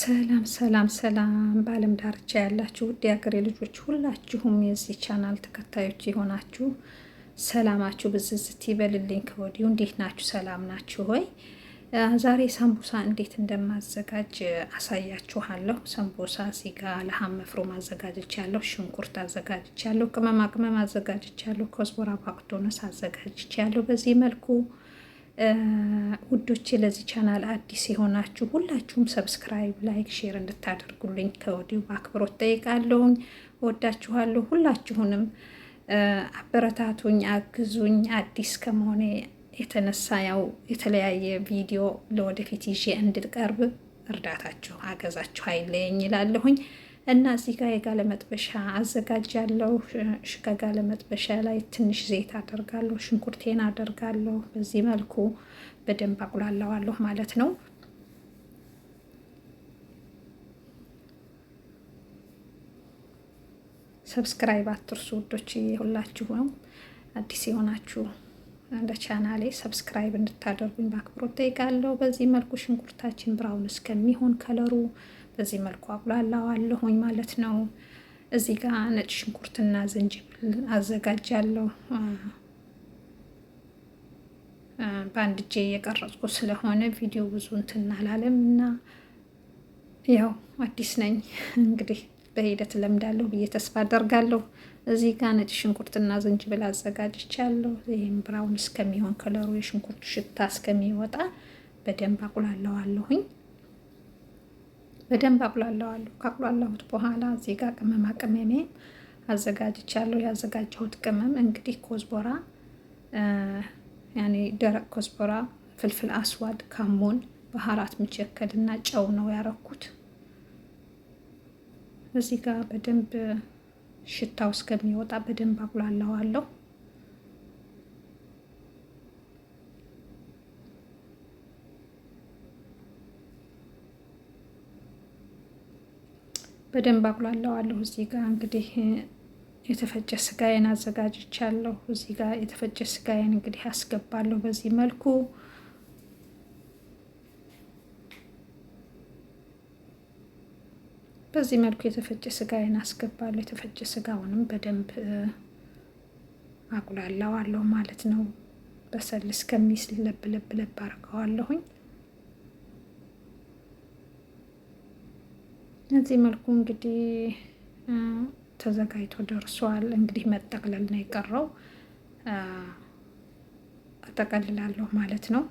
ሰላም ሰላም ሰላም በዓለም ዳርቻ ያላችሁ ውድ የአገሬ ልጆች ሁላችሁም የዚህ ቻናል ተከታዮች የሆናችሁ ሰላማችሁ ብዝዝት ይበልልኝ ከወዲሁ። እንዴት ናችሁ? ሰላም ናችሁ ሆይ? ዛሬ ሰንቦሳ እንዴት እንደማዘጋጅ አሳያችኋለሁ። ሰንቦሳ ሲጋ ለሀም መፍሮ ማዘጋጅቻለሁ፣ ሽንኩርት አዘጋጅቻለሁ፣ ቅመማ ቅመም አዘጋጅቻለሁ፣ ኮዝቦራ ባቅዶነስ አዘጋጅቻለሁ። በዚህ መልኩ ውዶቼ ለዚህ ቻናል አዲስ የሆናችሁ ሁላችሁም ሰብስክራይብ፣ ላይክ፣ ሼር እንድታደርጉልኝ ከወዲሁ በአክብሮት ጠይቃለሁኝ። ወዳችኋለሁ። ሁላችሁንም አበረታቱኝ፣ አግዙኝ። አዲስ ከመሆኔ የተነሳ ያው የተለያየ ቪዲዮ ለወደፊት ይዤ እንድቀርብ እርዳታችሁ፣ አገዛችሁ አይለየኝ ይላለሁኝ። እና እዚህ ጋር የጋለ መጥበሻ አዘጋጃለሁ። ከጋለ መጥበሻ ላይ ትንሽ ዘይት አደርጋለሁ፣ ሽንኩርቴን አደርጋለሁ። በዚህ መልኩ በደንብ አቁላለዋለሁ ማለት ነው። ሰብስክራይብ አትርሱ ውዶች፣ ሁላችሁ ነው አዲስ የሆናችሁ እንደ ቻናሌ ሰብስክራይብ እንድታደርጉኝ በአክብሮት ጠይቃለሁ። በዚህ መልኩ ሽንኩርታችን ብራውን እስከሚሆን ከለሩ በዚህ መልኩ አቁላላዋለሁኝ ማለት ነው። እዚህ ጋር ነጭ ሽንኩርትና ዝንጅብል አዘጋጃለሁ። በአንድ እጄ እየቀረጽኩ ስለሆነ ቪዲዮ ብዙ እንትን አላለም እና ያው አዲስ ነኝ እንግዲህ በሂደት ለምዳለሁ ብዬ ተስፋ አደርጋለሁ። እዚህ ጋር ነጭ ሽንኩርትና ዝንጅብል አዘጋጅቻለሁ። ይህም ብራውን እስከሚሆን ከለሩ የሽንኩርቱ ሽታ እስከሚወጣ በደንብ አቁላለዋለሁኝ። በደንብ አቁላለዋለሁ። ካቁላላሁት በኋላ እዚህ ጋር ቅመማ ቅመሜ አዘጋጅቻለሁ። ያዘጋጀሁት ቅመም እንግዲህ ኮዝቦራ፣ ያኔ ደረቅ ኮዝቦራ፣ ፍልፍል አስዋድ፣ ካሞን፣ ባህራት ምቸከል እና ጨው ነው ያረኩት። እዚህ ጋር በደንብ ሽታው እስከሚወጣ በደንብ አቁላለዋለሁ። በደንብ አቁላለዋለሁ። እዚህ ጋር እንግዲህ የተፈጨ ስጋዬን አዘጋጅቻለሁ። እዚህ ጋር የተፈጨ ስጋዬን እንግዲህ አስገባለሁ በዚህ መልኩ በዚህ መልኩ የተፈጨ ስጋዬን አስገባለሁ። የተፈጨ ስጋውንም በደንብ አቁላላዋለሁ ማለት ነው። በሰል እስከሚስል ለብለብለብ አድርገዋለሁኝ። እዚህ መልኩ እንግዲህ ተዘጋጅቶ ደርሷል። እንግዲህ መጠቅለል ነው የቀረው። አጠቀልላለሁ ማለት ነው።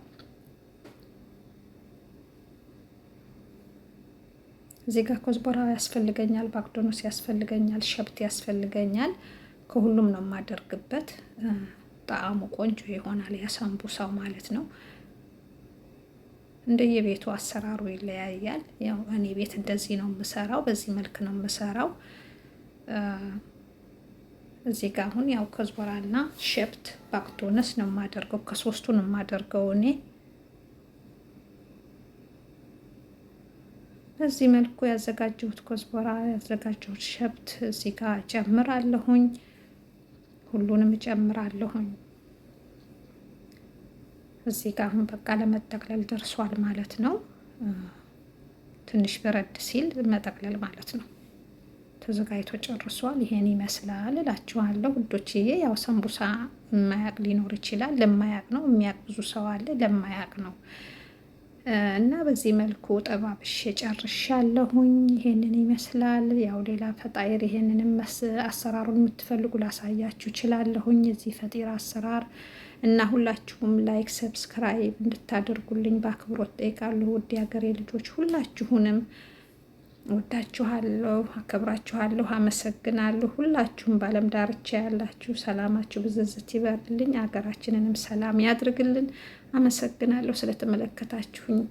እዚህ ጋር ኮዝቦራ ያስፈልገኛል፣ ባክዶኖስ ያስፈልገኛል፣ ሸብት ያስፈልገኛል። ከሁሉም ነው የማደርግበት። ጣዕሙ ቆንጆ ይሆናል፣ ያሳምቡሳው ማለት ነው። እንደየቤቱ አሰራሩ ይለያያል። ያው እኔ ቤት እንደዚህ ነው የምሰራው፣ በዚህ መልክ ነው የምሰራው። እዚህ ጋር አሁን ያው ከዝቦራና ሸብት ባክቶነስ ነው የማደርገው፣ ከሶስቱ ነው የማደርገው እኔ በዚህ መልኩ ያዘጋጀሁት ኮዝቦራ ያዘጋጀሁት ሸብት እዚህ ጋር ጨምራለሁኝ። ሁሉንም ጨምራለሁኝ። እዚህ ጋር አሁን በቃ ለመጠቅለል ደርሷል ማለት ነው። ትንሽ በረድ ሲል መጠቅለል ማለት ነው። ተዘጋጅቶ ጨርሷል። ይሄን ይመስላል እላችኋለሁ ውዶችዬ። ያው ሰንቡሳ የማያቅ ሊኖር ይችላል። ለማያቅ ነው የሚያቅ ብዙ ሰው አለ። ለማያቅ ነው እና በዚህ መልኩ ጠባብሼ ጨርሻለሁኝ። ይሄንን ይመስላል። ያው ሌላ ፈጣይር ይሄንንም አሰራሩን የምትፈልጉ ላሳያችሁ እችላለሁኝ። እዚህ ፈጢራ አሰራር እና ሁላችሁም ላይክ ሰብስክራይብ እንድታደርጉልኝ በአክብሮት ጠይቃለሁ። ውድ የሀገሬ ልጆች ሁላችሁንም ወዳችኋለሁ፣ አከብራችኋለሁ፣ አመሰግናለሁ። ሁላችሁም በዓለም ዳርቻ ያላችሁ ሰላማችሁ ብዝዝት ይበርልኝ፣ ሀገራችንንም ሰላም ያድርግልን። አመሰግናለሁ ስለተመለከታችሁኝ።